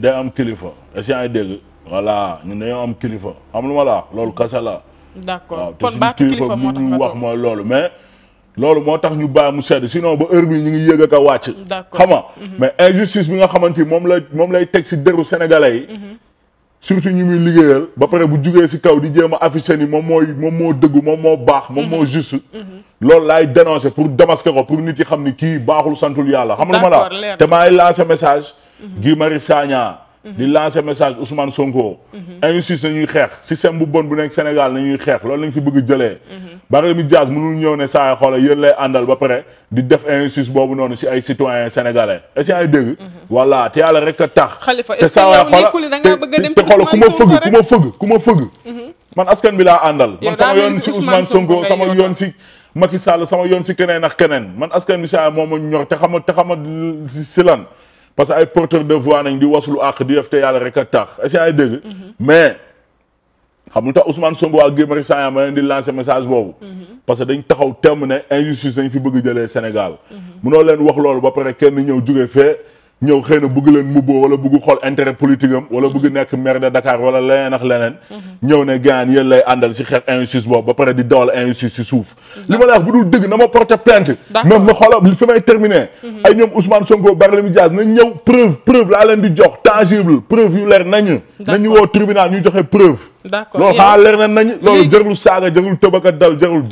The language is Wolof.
de am kilifa est-ce ay dégg voilà ñun dañoo am kilifa xam lu ma la loolu kasa la. d'accord kon baatu kilifa moo tax wax mooy loolu mais. loolu moo tax ñu bàyyi mu sedd sinon ba heure bii ñu ngi yëg ak a wàcc. xam nga mhm. mais injustice bi nga xamante ni moom la moom lay teg si deru sénégalais yi. Mhm. surtout ñu muy liggéeyal. ba pare bu jugee si kaw di jéem a affiché ni moom mooy moom moo dëgg moom moo baax. moom moo mhm. juste. loolu laay dénoncé pour démasquer ko pour nit yi xam ni kii baaxul santul yàlla. xam nga ma la te maay lancé message. Mhm. Guy Marius mhm. di lancer message Ousmane Sonko. Mhm. injustice nañuy xeex système bu bon bu nekk Sénégal nañuy xeex loolu lañ fi bëgg jëlee. Barthélemy Dias mënul ne saa yoo xoolee ba pare di def injustice boobu noonu si ay citoyens sénégalais est-ce que ay dégg. voilà te yàlla a tax. a dem Sonko rek ku ma fëgg ku bi laa àndal. man sama yoon si Ousmane Sonko sama yoon si. Macky Sall sama yoon si keneen ak keneen man askan bi saa moom ma ñor te xama te xama si lan parce que ay porteur de voix nañ di waslu àq di def yàlla rek a tax est ay dégg mais xam lu tax Ousmane Sonko waa Guy Marius Sagna ma leen di lancer message boobu parce que dañ taxaw temm ne injustice dañ fi bëgg jëlee Sénégal munoo mhm. leen wax loolu ba pare kenn ñëw jóge fee ñëw xëy na leen mubboo wala bëgg xool intérêt politique am wala nekk maire de Dakar wala leneen leneen mhm. ñëw ne gaan yéen lay àndal si xeex injustice boobu ba pare di dawal injustice si suuf mhm. li ma la wax bu dul dëgg na ma porter plainte même ma xoola fi may terminer mhm. ay ñoom Ousmane Sonko Barthélémy Dias nañ ñëw preuve preuve laa leen di jox tangible preuve yu leer nañ nañu woo tribunal ñu joxe preuve d'accord xaa leer na nañ loolu jërul saaga jërul tëbaka dal jërul